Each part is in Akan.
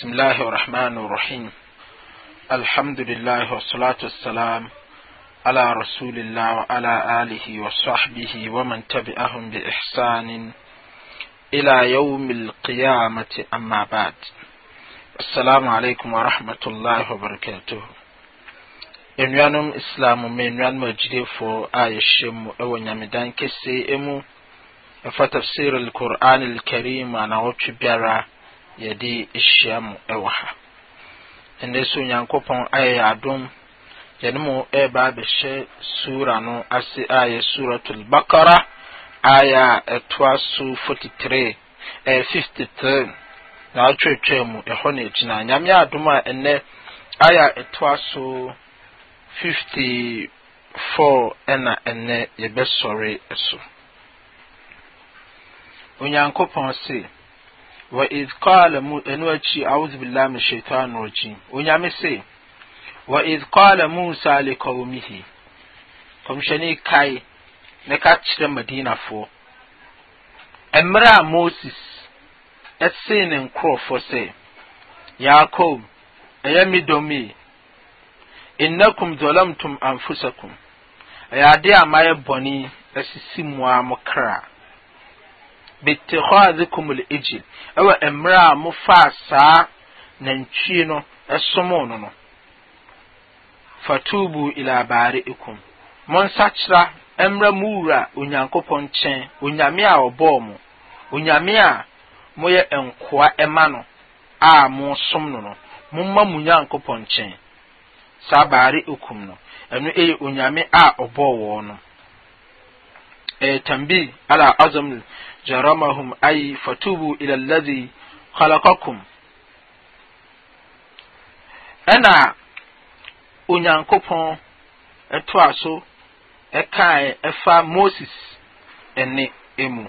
بسم الله الرحمن الرحيم الحمد لله والصلاة والسلام على رسول الله وعلى آله وصحبه ومن تبعهم بإحسان إلى يوم القيامة أما بعد السلام عليكم ورحمة الله وبركاته nnuanom islam mu nnuanom agyilefoɔ فو آي الشم wɔ nyamedan كسي إمو فتفسير القرآن الكريم أنا anawɔtwe biara yɛde ahyia mu ɛwɔ ha ɛnɛ so nyankopɔn ayɛ yɛ adom yɛne mu ɛreba abɛhyɛ sura no ase a yɛ suratul bakara aya a ɛtoa so 43 ɛyɛ 53 na atwerɛtwerɛ mu ɛhɔ na agyina nyame adom a ɛnɛ aya a ɛtoa so 54 ɛna ɛnɛ yɛbɛsɔre ɛso onyankopɔn se wa iz qala mu ɛnu akyi a'udhu billahi min shaitan rajim onyame se wa iz qala musa li qawmihi kɔmhyɛne kae ne ka kyerɛ madinafoɔ mmerɛ a moses ɛsee ne nkurɔfoɔ sɛ yakob ɛyɛ me dɔm innakum zalamtum anfusakum ɛyɛ ade a mayɛ bɔne asisi bittikhadhikum al-ijil ɛwɔ mmerɛ a mofaa saa nantwie no ɛsomoo no no fatubu ila bari'ikum monsakyera mmerɛ mu wura onyankopɔn nkyɛn onyame a ɔbɔɔ mo onyame a moyɛ nkoa ɛma no a mosom no no momma mo nyankopɔn nkyɛn saa bari'ikum no ɛno ɛyɛ onyame a ɔbɔɔ wɔn no tambi ala azam jaramahum ay fatubu ila alladhi khalaqakum ɛna onyankopɔn ɛtoa so ɛkae ɛfa moses ɛne emu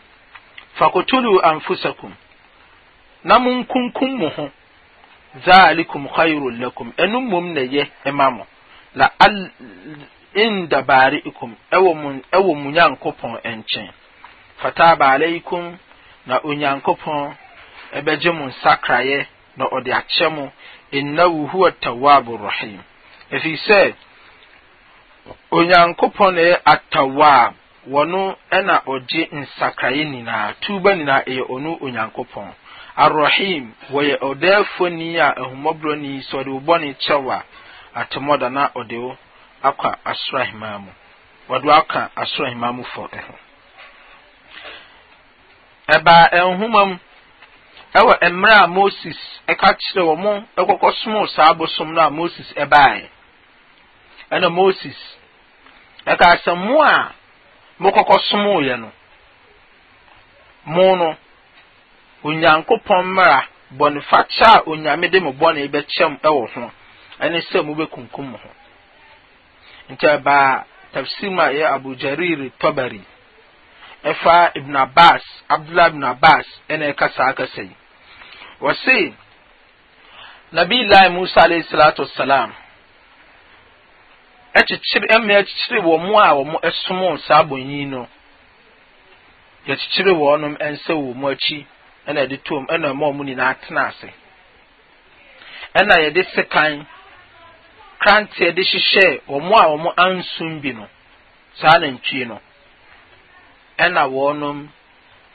fakotulu anfusakum na monkunkum mo ho zaalikum khairun lakum ɛno mmom na ɛyɛ ɛma mo la al inda bari'ikum ɛwɔ mu nyankopɔn nkyɛn fataba alaikum na onyankopɔn ɛbɛgye mo nsakraeɛ na ɔde akyɛ mo innahu huwa tawabu rahim ɛfiri sɛ onyankopɔn na ɛyɛ atawab wɔno ɛna ɔgye nsakraeɛ nyinaa tuba nyinaa ɛyɛ ɔno onyankopɔn arrahim wɔyɛ ɔdɛɛfo foni a ahummɔborɔ ni sɛ ɔde wo bɔne kyɛw a atemmɔda na ɔde akwa asoro ahemaa mu wɔde aka asoro mu fɔ ɛho ɛbaa ɛnhoma mu ɛwɔ mmerɛ a moses ɛka kyerɛ wɔn mo ɛkɔkɔ somo saa abosom no a moses ɛbaeɛ ɛna moses ɛka sɛ mo a mokɔkɔ yɛ no mo no onyankopɔn mmara bɔnefakyɛ a onyame de mo bɔne bɛkyɛm ɛwɔ ho ɛne sɛ mobɛkunkum mo ho nti ɛbaa tafsir mu a ɛyɛ abu jarir tɔbari ɛfa ibn abbas abdullah ibn abbas ɛna ɛka saa kasa yi wɔsi nabi lai musa alayhi salatu wasalam ɛkyikyiri ɛmɛ ɛkyikyiri wɔn mu a wɔn ɛsomo saa bonyin no yɛkyikyiri wɔn nsa wɔ mu akyi ɛna ɛde tom ɛna ɛma wɔn nyinaa tena ase ɛna yɛde sekan. kranteɛ de hyehyɛɛ wɔn a wɔn ansum bi no saa nantwie no ɛna wɔnom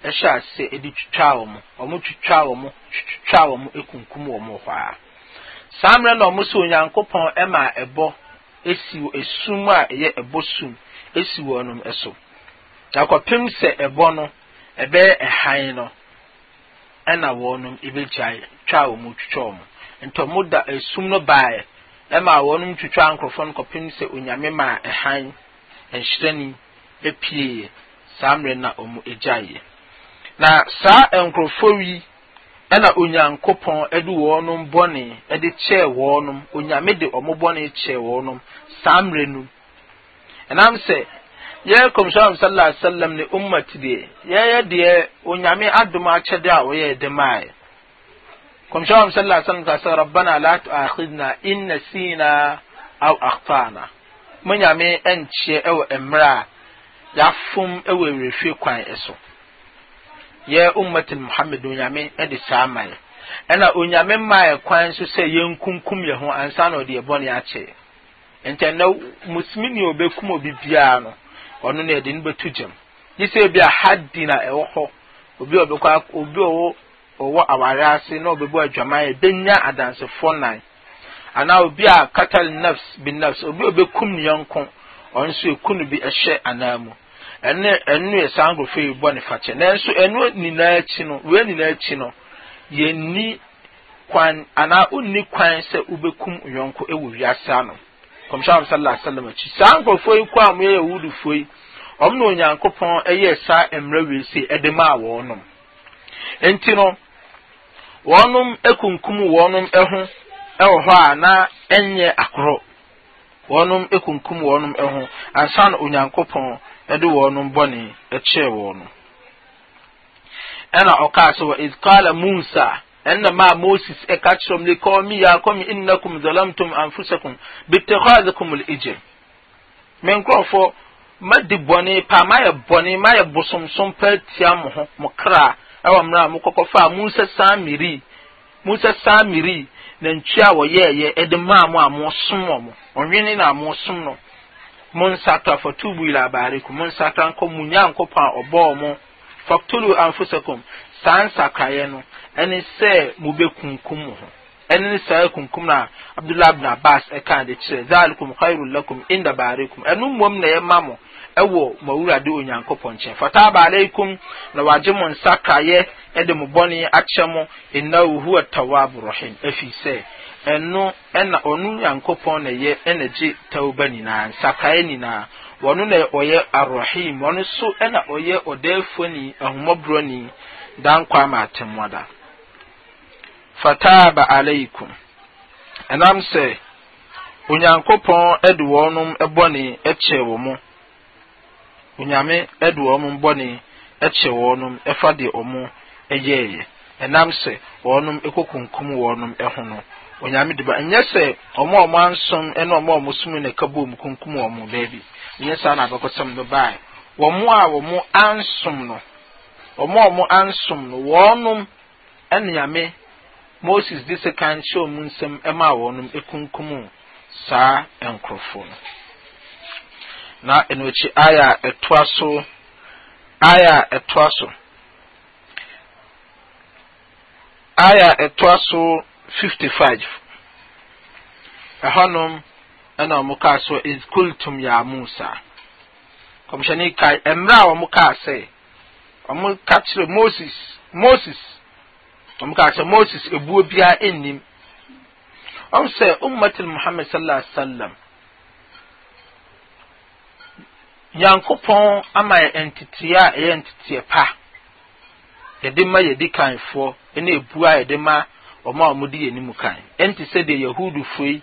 ɛhyɛ ase ɛde twitwaa wɔn wɔn twitwa wɔn twitwa wɔn ekunkum wɔn hɔ a saa mmerɛ na wɔn sɛ onyankopɔn ɛma ɛbɔ esi esum a ɛyɛ ɛbɔ sum esi wɔnom ɛso akɔpem sɛ ɛbɔ no ɛbɛyɛ ɛhan no ɛna wɔnom ebegyae wɔn wɔn da esum no baeɛ. ɛma wɔn twitwa nkorɔfoɔ no kɔpem sɛ onyame ma ɛhan nhyirani epieyɛ saa mmerɛ na wɔn agyaeɛ na saa nkorɔfoɔ yi ɛna onyankopɔn ɛde wɔn bɔne ɛde kyɛɛ wɔn onyame de wɔn bɔne kyɛɛ wɔn saa mmerɛ no ɛnam sɛ yɛyɛ kɔmhyɛn sallallahu alaihi wa sallam ne umma ti deɛ yɛyɛ deɛ onyame adum akyɛdeɛ a wɔyɛ de maaɛ kọmíṣọ́nà sẹ́lá sẹ́lá sẹ́lá rabbana la tu'akhidna in nasina aw akhtana mo nyame ɛnkyɛ ɛwɔ mmerɛ a yɛafom ɛwɔ awerɛfie kwan ɛso yɛ ummatul muhammad onyame ɛde saa ma yɛ ɛna onyame ma yɛ kwan nso sɛ yɛnkunkum yɛ ho ansa na ɔde ɛbɔne akyɛ ntɛn na musulmi ne ɔbɛkum obi biara no ɔno na yɛde no bɛto gyam bi a haddi na obi a obi a ɔwɔ aware ase na ɔbɛbu adwaman yɛ benya adansefoɔ nan anaa obi a katal nafs bi nafs obi a obekum ne yɔnko ɔno nso eku no bi ɛhyɛ anaa mu ɛne ɛnu yɛ saa nkorɔfo yi bɔ ne fakyɛ nanso ɛnu nyinaa akyi no wei nyinaa akyi no yɛnni kwan anaa onni kwan sɛ obekum yɔnko ɛwɔ wiase ano kɔmhyɛn sallallahu alaihi wa sallam akyi saa nkorɔfo yi kɔ a mo yɛ yɛwudufo yi wɔn na onyankopɔn ɛyɛ saa mmerɛ wiase ɛde maa wɔn nom nti no. wɔnom ekunkum wɔnom ɛho ɛwɔ hɔ a na ɛnyɛ akorɔ wɔnom ekunkum wɔnom ɛho ansan onyankopɔn ɛde wɔnom bɔne ɛkyɛɛ wɔn ɛna ɔkaa sɛ wɔ iskala musa ɛnna maa moses ɛka kyerɛm de kɔɔ mi yaa kɔmi innakum zalamtum anfusakum bitɛkɔazakum al-ijil me nkurɔfoɔ madi bɔne paa mayɛ bɔne mayɛ bosomsom paa tia mo ho mo kra ɛwɔ mmerɛ a mokɔkɔ fa a musa saa miri musa saa miri na ntwi a wɔyɛɛyɛ ɛde maa mo a mosom wɔ mo ɔnwene na mosom no mo nsato afɔtubu ila abaariku mo nsato ankɔ mo nya nkɔpɔ a ɔbɔɔ mo faktulu anfosakom saa nsakraeɛ no ɛne sɛ mobɛkunkum mo ho ɛne ne saa kunkum na abdullahi ibn abbas ɛka de kyerɛ zalikum khairul lakum inda barikum ɛno mmom na yɛma mo ɛwɔ mawurade onyankopɔn nkyɛn fataba alaikum na wagye mo nsa kaeɛ ɛde mo bɔne akyɛ mo innahu huwa tawwabur rahim ɛfiri sɛ ɛno ɛna ɔno nyankopɔn na yɛ ɛna gye tawba nyinaa nsakaeɛ nyinaa wɔno na ɔyɛ arrahim ɔno so ɛna ɔyɛ ɔdaafuo ni dankwa ma atemmuada fataba alaikum ɛnam sɛ onyankopɔn ɛde wɔnom bɔne ɛkyɛ wɔ mu onyame ɛde wɔn bɔne ɛkyɛ wɔnom ɛfa deɛ wɔn ɛyɛɛyɛ ɛnam sɛ wɔnom ɛkɔkunkum wɔnom ɛho no onyame de ɛnyɛ sɛ wɔn a wɔn ansom ɛne wɔn a som na ɛka bom kunkum wɔn baabi ɛnyɛ moses de sika nhyɛ ɔmo nsɛm ɛma wɔnom ekunkum saa nkorɔfo no na enokyi aya ɛtoa so aya ɛtoa so aya ɛtoa so fifty five ɛhɔnom ɛna ɔmo kaa so ezkultum ya musa kɔmhyɛnni kae mmerɛ a ɔmo kaa sɛ ɔmo ka kyerɛ moses moses ɔmo kaa sɛ moses ebuo biara nnim ɔmo sɛ ummatul muhammad sallallahu alaihi wasallam nyankopɔn ama yɛ nteteɛ a ɛyɛ nteteɛ pa yɛde ma yɛdi kanfoɔ ɛna ebu a yɛde ma ɔmo a ɔmo di yɛn nimu kan ɛnte sɛ deɛ yahudufoɔ yi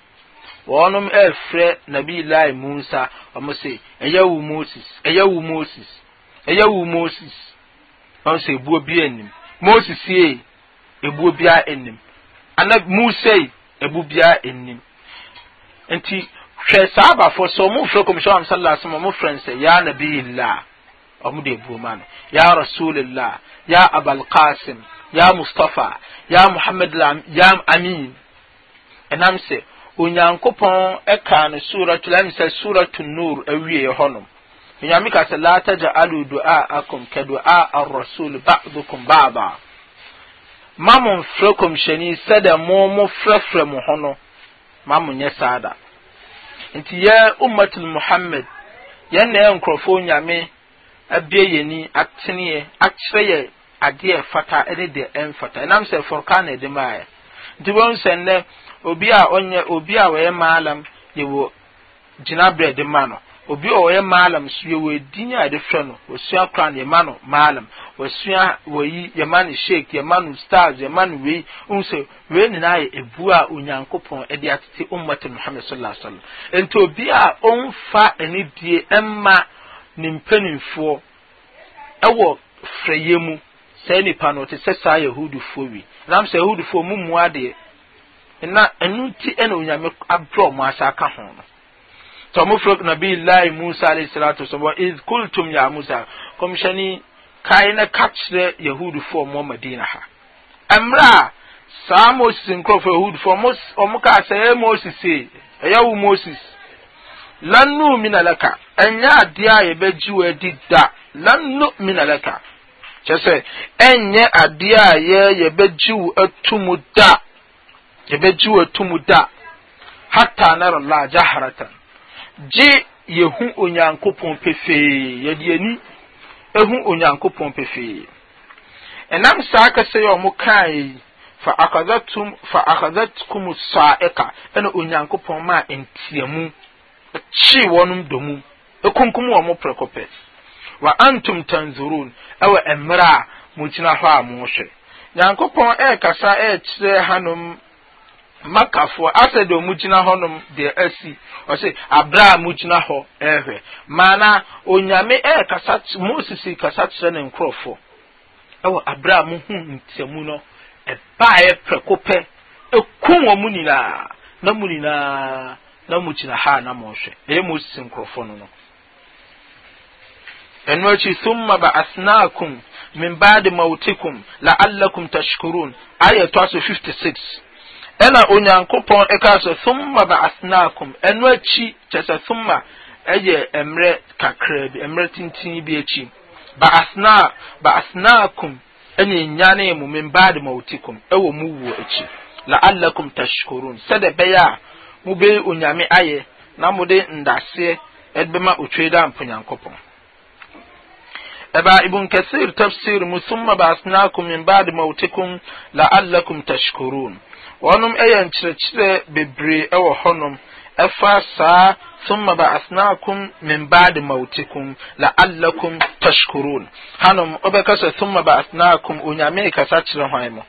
wɔnom ɛɛfrɛ nabi lai musa ɔmo sɛ ɛyɛ wo moses ɛyɛ wu moses ɛyɛ wu moses ɔmo sɛ ebuo bi anim moses yie. ebuo biara anim ana musei ebu biara anim nti hwɛ saa abafo sɛ ɔmo fɛ kɔmhyɛn am sallallahu alaihi ɔmo fɛ nsɛ ya nabiyillah ɔmo de ebuo ma no ya rasulillah ya abal ya Mustapha ya muhammad lam ya amin ɛnam sɛ onyankopɔn ɛka no suratul ɛnam sɛ suratul nur awie hɔnom onyame ka sɛ la taj'alu du'a akum a du'a ba rasul ba'dukum ba'da ma mo mfrɛ kɔmhyɛni sɛdeɛ mo mo frɛfrɛ mo ho no ma mo nyɛ saa da nti yɛ ummatul muhammad yɛn na yɛ nkurɔfoɔ nyame abie yɛn ni ateneɛ akyerɛ yɛ adeɛ fata ne deɛ ɛmfata ɛnam sɛ fɔrka na ɛde maa yɛ nti wɔn sɛ nnɛ obi a ɔnyɛ obi a wɔyɛ maalam yɛ wɔ gyinabere de ma no obi a ɔyɛ maalam so yɛ wɔadin a yɛde frɛ no wɔsua koran yɛma no maalam wɔsua wɔyi yɛma no sheik yɛma no stars yɛma no wei hu sɛ wei nyinaa yɛ ebu a onyankopɔn de atete ummat muhammad sallallahu alaihi wasallam nti obi a ɔmfa ani die ɛmma ne mpanimfoɔ ɛwɔ frɛyɛ mu saa nipa no ɔte sɛ saa yahudifoɔ wi nam sɛ yahudifoɔ mu mmoa deɛ na ɛno nti ɛna onyame abrɛ ɔmo asa aka ho no tamufruk nabiyillahi musa alayhi salatu wasallam wa iz kultum ya musa komshani kai na kakyerɛ yahudifoɔ mo madina ha mmerɛ a saa moses nkurɔfoɔ yahudifoɔ ɔmo kaa sɛ ɛyɛ moses ee ɛyɛ wo moses lannu minalaka ɛnyɛ adeɛ a yɛbɛgye wɔ adi da lannu minalaka kyɛ sɛ ɛnyɛ adeɛ a yɛ yɛbɛgye wo atumu da yɛbɛgye wo atumu da hatta nara la jaharatan gye yɛhu onyankopɔn pefee yɛde ani ehu onyankopɔn pefee ɛnam saa kasa yi a kaa yi fa akadatum fa akadatum saa ɛka ɛna onyankopɔn maa ntiamu ɛkyi wɔn domu ekunkum wɔn prɛko pɛ wa antum tanzurun ɛwɔ mmerɛ a mo gyina hɔ a mo hwɛ nyankopɔn ɛɛkasa ɛɛkyerɛ hanom. makafoɔ asɛ deɛ ɔmo gyina hɔ nom deɛ asi ɔsɛ abira a mo gyina hɔ ɛɛhwɛ maana onyame ɛɛ kasa moses kasa kyerɛ ne nkorɔfoɔ ɛwɔ abira a mo ho ntɛmu no ɛbaayɛ prɛko pɛ ekum wɔn mo nyinaa na mo nyinaa na mo gyina ha na mo hwɛ ɛyɛ moses nkorɔfoɔ no no ɛno akyi thumma ba asnaakum min baadi la la'allakum tashkurun ayɛ tɔ so fifty six. ɛna onyankopɔn ɛka sɛ thumma ba'athnakum ɛno akyi kyɛ sɛ thumma ɛyɛ mmerɛ kakra bi mmerɛ tenten bi akyi ba'athna ba'athnakum ɛne nyane mu min ba'de mautikum ɛwɔ mu wuo akyi la'allakum tashkurun sɛdeɛ ɛbɛyɛ a mobɛyi onyame ayɛ na mode ndaseɛ ɛde bɛma otwe da mponyankopɔn أبا ابن كثير تفسير ثم بعثناكم من بعد موتكم لعلكم تشكرون wɔnom yɛ nkyerɛkyerɛ bebree wɔ hɔnom ɛfa saa ثم بعثناكم من بعد موتكم لعلكم تشكرون هانم وبكس ثم بعثناكم ونيامي كسا kyerɛ hwan mu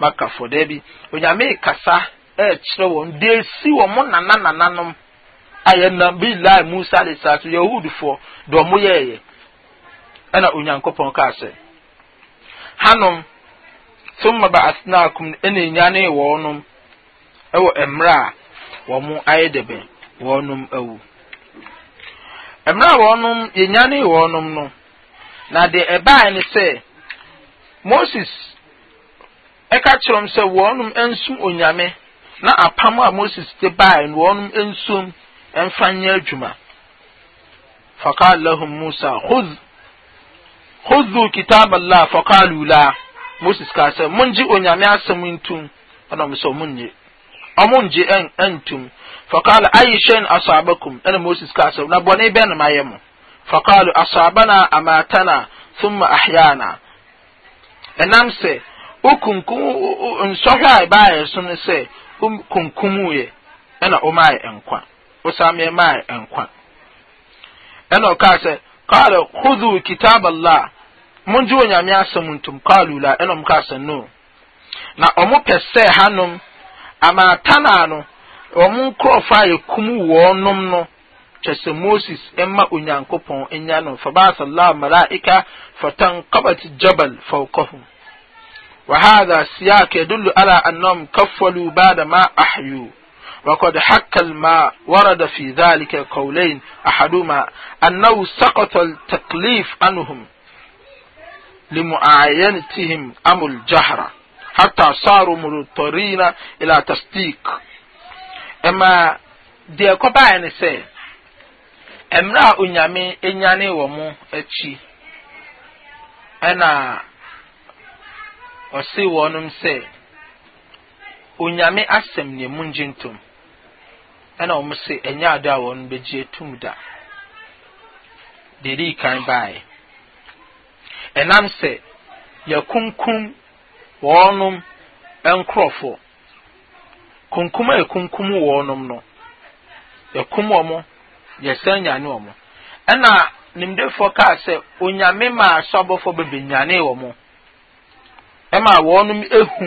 makafo bi onyame kasa ɛkyerɛ wɔn de esi wɔn mo nana nananom ayɛ na bi lai musa de saa so yahudifoɔ de wɔn ɛna onyankopɔn kaa sɛ hanom ثم بعثناكم ɛna nyane wɔnom ɛwɔ mmerɛ a wɔn ayedebe dɛbɛ wɔnom awu mmerɛ a wɔnom yɛnyane wɔnom no na deɛ ɛbae moses kyerɛ m sɛ wɔnom onyame na apam a moses de bae no wɔnom nsum ɛmfa nyɛ adwuma فقال لهم موسى moses kaa sɛ mongye onyame asɛm ɛna ɛnam sɛ ɔmo ɔmo ngye ɛn ɛntum fɔkaala ayi hyɛn asɔabakum ɛna moses kaa sɛ na bɔne bɛn na mayɛ mo fɔkaala asɔabana amatana thumma ahyana ɛnam sɛ o kunkum nsɔhwɛ a ɛbaayɛ so no sɛ o kunkum ɛna o nkwa o saa mɛ maa nkwa ɛna ɔkaa sɛ kaala kudu kitaaba laa monji wɔ nyame asɛm ntom kaalu la ɛna ɔmo kaa sɛ no na ɔmo pɛ sɛ hanom ama atanaa no ɔmo nkorɔfo a yɛkum wɔnom no kyɛ sɛ moses ɛma onyankopɔn ɛnya no fabaasa allah malaika fatankabat jabal fawqahum وهذا سياق يدل على أنهم كفلوا بعد ما أحيوا وقد حك الماء ورد في ذلك قولين أحدهما أنه سقط التكليف عنهم لمعاينتهم أم الجهرة حتى صاروا مضطرين إلى تصديق أما deɛ kɔbaeɛ ne sɛ mmerɛ a onyame nyane wɔ mo akyi ɛna ɔse wɔnom sɛ onyame asɛm neɛ mu ngye ntom ɛna wɔn se ɛnyɛ ado a wɔn bɛgye atum da deɛ di kan baeɛ ɛnam sɛ yɛkunkum wɔnom nkorɔfo. kunkum a yɛkunkum wɔnom no yɛkum wɔn mo yɛsɛn nyane wɔn ɛna nimdefoɔ kaa sɛ onyame maa asɔbɔfoɔ bebe nyane wɔn mo ɛma wɔnom ehu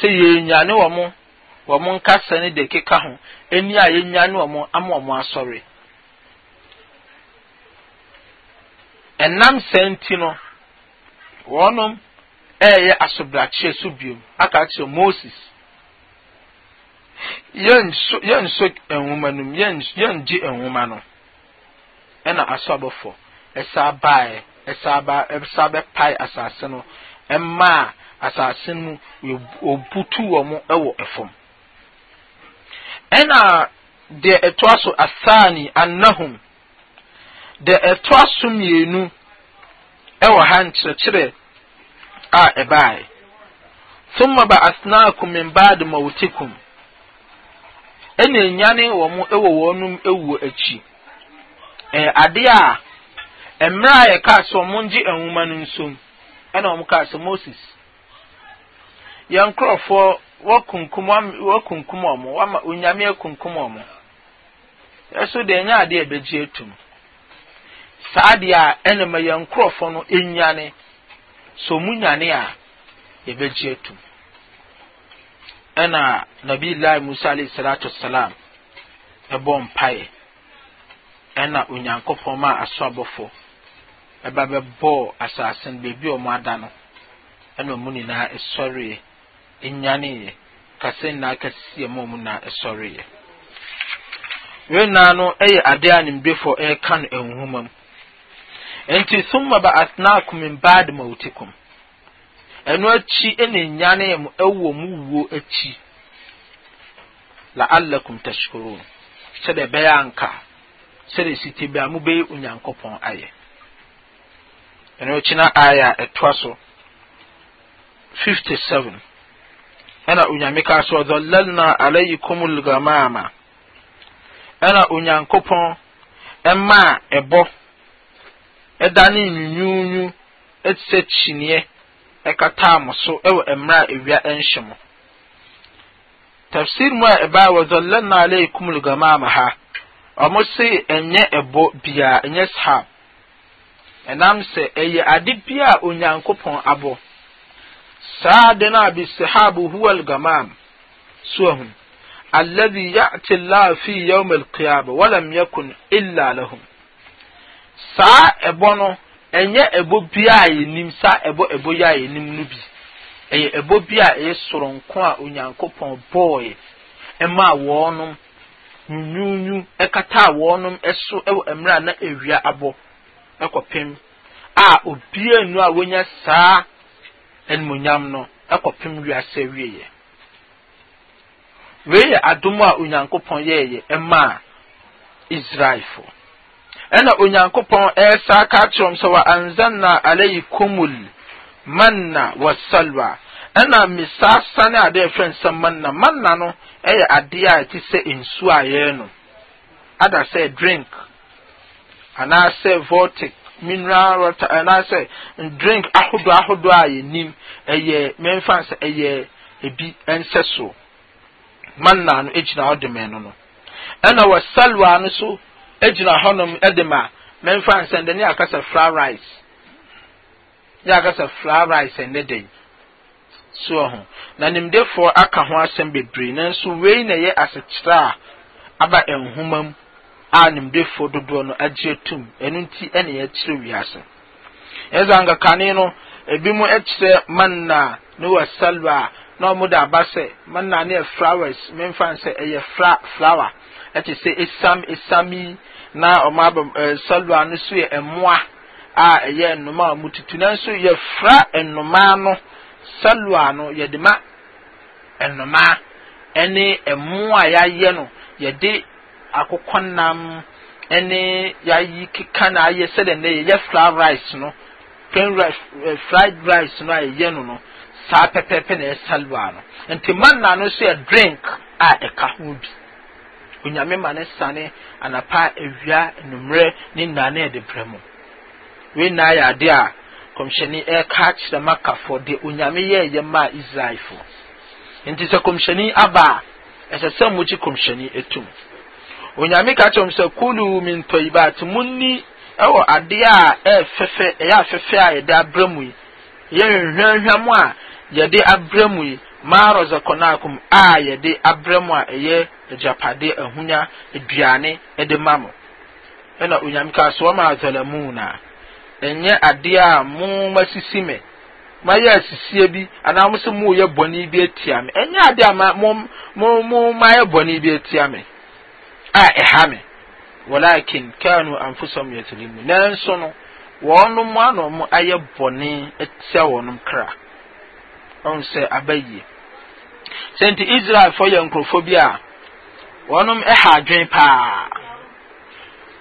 sɛ yɛnyane wɔn mo wɔn nkasa ne de keka ho ɛni a yɛnyane wɔn ama wɔn asɔre. ɛnam saa nti no wɔnom ɛyɛ asobrakyeɛ so biom aka kyerɛ moses yɛnso yɛnso nwoma no mu yɛngye nwoma no ɛna asɔbɔfo ɛsa baeɛ ɛsa ba ɛsa bɛpae asase no ɛmaa asase no obutu wɔn ɛwɔ ɛfam ɛna deɛ ɛtoa so asaani anahum. de ɛtoa so mmienu ɛwɔ ha nkyerɛkyerɛ a ɛbaeɛ thumma ba'athnakum min ba'di mawtikum ɛna enyane wɔn ɛwɔ wɔn ɛwɔ akyi ɛyɛ adeɛ a mmerɛ a yɛkaa sɛ wɔn gye nwoma no nsom ɛna wɔn kaa sɛ moses yɛn nkorɔfoɔ wɔkunkum wɔkunkum wɔn wɔama onyame wɔn ɛso deɛ nyɛ adeɛ ɛbɛgye saa deɛ a ɛnama yɛn nkorɔfoɔ no enyane so mu nyane a yɛbɛgye atum ɛna nabiilahi musa alayhi salatu salam ɛbɔ mpaeɛ ɛna onyankopɔn ma aso abɔfo ɛba bɛbɔɔ asase no beebi a ɔmo no ɛna ɔmo nyinaa ɛsɔreɛ enyaneeɛ kase nyinaa kɛseɛ mu ɔmo nyinaa ɛsɔreɛ wei nyinaa no ɛyɛ adeɛ a nimdefoɔ ɛreka no nwoma mu nti summa ba atenakum min bad mautikum ɛno akyi ne nyane mu ɛwɔ mu wuo akyi la'allakum tashkurun sɛdeɛ ɛbɛyɛ anka sɛdeɛ site bi a mobɛyɛ onyankopɔn ayɛ ɛno akyi na ayɛ a ɛtoa so 57 ɛna onyame ka so ɔdɔlalna alaykum lgamama ɛna onyankopɔn ɛmaa ɛbɔ e ɛda ne nyunyuunyu ɛte sɛ kyiniiɛ ɛkataa mo so ɛwɔ mmerɛ a ewia ɛnhyɛ mo tafsir mu a ɛbaa wɔ zɔlɛnna aleikum lugamaama ha ɔmo se ɛnyɛ ɛbɔ biara ɛnyɛ sahab ɛnam sɛ ɛyɛ ade bi a onyankopɔn abɔ saa ade no a bi sahabu huwa lugamaam so ahum alladhi ya'ti allah fi yawm alqiyama walam yakun illa lahum saa ɛbɔ no ɛnyɛ ɛbɔ bi a yɛnim saa ɛbɔ ɛbɔ yi a yɛnim no bi ɛyɛ ɛbɔ bi a ɛyɛ soronko a onyankopɔn bɔɔyɛ ɛmaa wɔnom nyuunyu ɛkataa wɔnom ɛso ɛwɔ mmerɛ a na ewia abɔ ɛkɔpem a obiara nu a wonya saa ɛnumonyam no ɛkɔpem wiase wieɛ wei yɛ adom a onyankopɔn yɛɛyɛ ɛmaa israelfoɔ ɛna onyankopɔn ɛsa aka kyerɛm sɛ wɔanzanna alaikumul manna wasalwa ɛna mesasa sane ade a ɛfrɛ nsɛ manna manna no ɛyɛ adeɛ a ɛte sɛ nsu a yɛn no ada sɛ drink anaasɛ vortic mineral water anaasɛ drink ahodoɔ ahodoɔ a yɛnim ɛyɛ mɛmfa nsɛ ɛyɛ ebi ɛnsɛ so manna no egyina hɔ de mɛn no no ɛna wasalwa no so egyina hɔnom ɛde ma mɛmfa nsɛn ne akasa flour rice ne akasa flour rice ɛnɛ den soɔ ho na nimdefoɔ aka ho asɛm bebree nanso wei na ɛyɛ asekyerɛ a aba nhoma mu a nimdefoɔ dodoɔ no agye tum ɛno nti ɛna yɛkyerɛ wiase ɛza nkakane no ebi mu ɛkyerɛ manna ne wɔ salwa na ɔmo de aba sɛ manna ne yɛ flowers mɛmfa nsɛ ɛyɛ flower ɛte sɛ esam esam yi. na ɔmo aba sɔlwa no so yɛ mmoa a ɛyɛ nnoma a ɔmo tutu nanso yɛfra nnoma no sɔlwa no yɛde ma nnoma ɛne mmoa a yɛayɛ no yɛde akokɔ nam ɛne yɛayi keka na ayɛ sɛdeɛ nnɛ yɛyɛ flour rice no plain rice fried rice no a yɛyɛ no no saa pɛpɛɛpɛ na yɛ sɔlwa no nti manna no so yɛ drink a ɛka ho bi onyame ma ne sane anapa awia nnummerɛ ne nnaa na ɛde brɛ mu wei na yɛ ade a kɔmhyɛni ɛka kyerɛ makafoɔ de onyame yɛɛ yɛ maa israelfo nti sɛ kɔmhyɛni aba a ɛsɛ sɛ mogye kɔmhyɛni etum onyame ka kyerɛ sɛ kulu min tɔyibaati munni ɛwɔ adeɛ a ɛyɛ fɛfɛ ɛyɛ afɛfɛ a yɛde abrɛ mu yi yɛ nhwɛnhwɛ mu a yɛde abrɛ mu yi maa rɔzɛkɔnaakum a yɛde abrɛ mu a ɛyɛ agyapade ahonya aduane de ma mo ɛna onyame kaa so wama na. ɛnyɛ adeɛ a mo masisi me mayɛ asisie bi anaa mo sɛ moyɛ bɔne bi atia me ɛnyɛ adeɛ a mo mo mayɛ bɔne bi atia me a ɛha me walakin kanu anfusahum yatlimun nanso no wɔnom ano mo ayɛ bɔne atia wɔnom kra ɔn sɛ abayie sɛ nti israelfoɔ yɛ nkurɔfoɔ bi a wɔnom ɛha adwen paa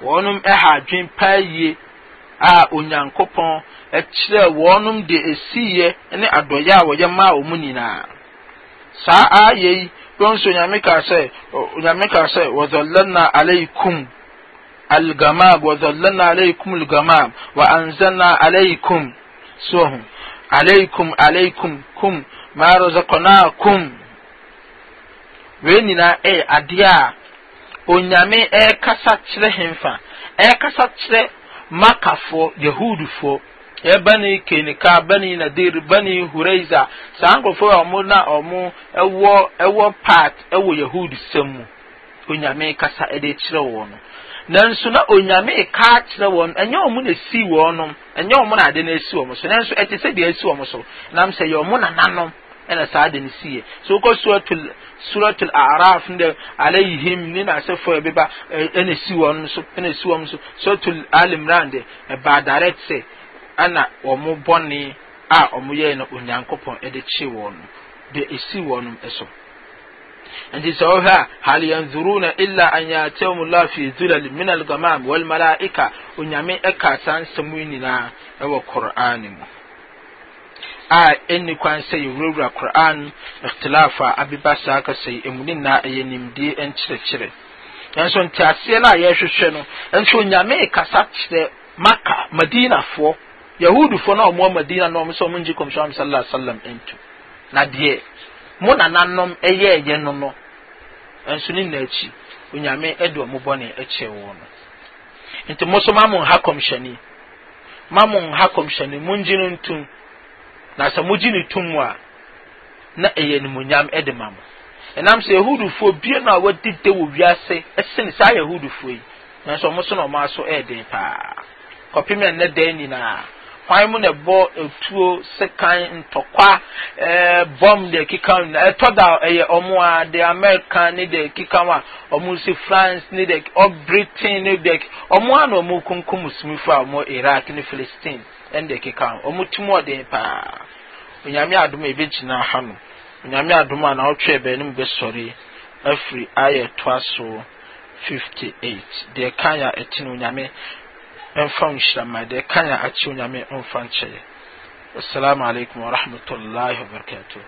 wɔnom ɛha adwen paa yie a onyankopɔn ɛkyerɛ wɔnom de esiyɛ ne adɔyɛ a wɔyɛ maa wɔn nyinaa saa ayɛ yi wɔn nso nyame kaa sɛ nyame kaa sɛ wɔzɔlɛna aleikum algamam. wɔzɔlɛna aleikum algamam. wa anzana aleikum so ho aleikum aleikum kum maa rozɔkɔnaa kum. wei nyinaa ɛyɛ e, adeɛ a onyame ɛrekasa kyerɛ hemfa ɛrekasa kyerɛ makafoɔ yahudifoɔ yɛbani kenika bani nadir bani huraiza saa nkurɔfoɔ a ɔmo na ɔmo ɛwɔ ɛwɔ part ɛwɔ yahudu sɛm mu onyame kasa ɛde kyerɛ wɔn no nanso na onyame ka kyerɛ wɔn ɛnyɛ ɔmo na esi wɔn no ɛnyɛ ɔmo na ade na esi wɔn so nanso ɛte sɛ deɛ esi wɔn so nam sɛ yɛ ɔmo nananom ɛna saa de no siiɛ so wokɔ suratul suratul araf ndɛ alayhim ne n'asɛfoɔ ɛbɛba ɛna si wɔn so ɛna si wɔn so suratul alimran de ɛbaa direct sɛ ɛna wɔn bɔne a wɔn yɛɛ no onyankopɔn ɛde kye wɔn de esi wɔn ɛso nti sɛ wɔhwɛ a hal yanzuruna illa an yatihum llah fi zulal min algamam walmalaika onyame ɛka saa nsɛm yi nyinaa ɛwɔ qur'ane mu a ɛnni kwan sɛ yɛwurawura quran ikhtilaf a abeba saa akasa yi ɛmu ne nyinaa ɛyɛ nimdeɛ nkyerɛkyerɛ nanso nteaseɛ no a yɛrehwehwɛ no nso nyame kasa kyerɛ maka madinafoɔ yahudifoɔ no a ɔmoa madina na ɔmo sɛ ɔmo ngye kɔmhyɛm sallallahu alaihi wasallam ntu na deɛ mo nananom ɛyɛ ɛyɛ no no nso ne nyinaa akyi onyame ɛde ɔmo bɔne ɛkyɛ wɔn no nti mo nso ma nha kɔmhyɛni ma nha kɔmhyɛni mo ngye no ntum na sɛ mogye ne tom a na ɛyɛ animonyam ɛde ma mo ɛnam sɛ yahudufoɔ bie na a wɔdeda wɔ wiase ɛsene saa yahudufoɔ yi nanso ɔmo so na ɔmo aso ɛɛden paa kɔpem ɛnɛ dan nyinaa kwan mu na ɛbɔ etuo sekan ntɔkwa ɛɛ bɔm deɛ keka nyinaa ɛtɔ da ɛyɛ ɔmo a de america ne deɛ keka mu a ɔmo si france ne deɛ ɔ britain ne deɛ ɔmo a na ɔmo kunkum sumifo a ɔmo iraq ne philistine ɛnde ɛkeka ho ɔmo tum ɔden paa onyame adom a ebegyina ha no onyame adom a na ɔtwe bɛnum bɛsɔre afiri ayɛ toa so fifty eight deɛ kan yɛ ɛte no onyame ɛmfa nhyirama deɛ kan yɛ akyi onyame ɛmfa nkyɛn. Assalamu alaikum wa rahmatullahi wa barakatuh.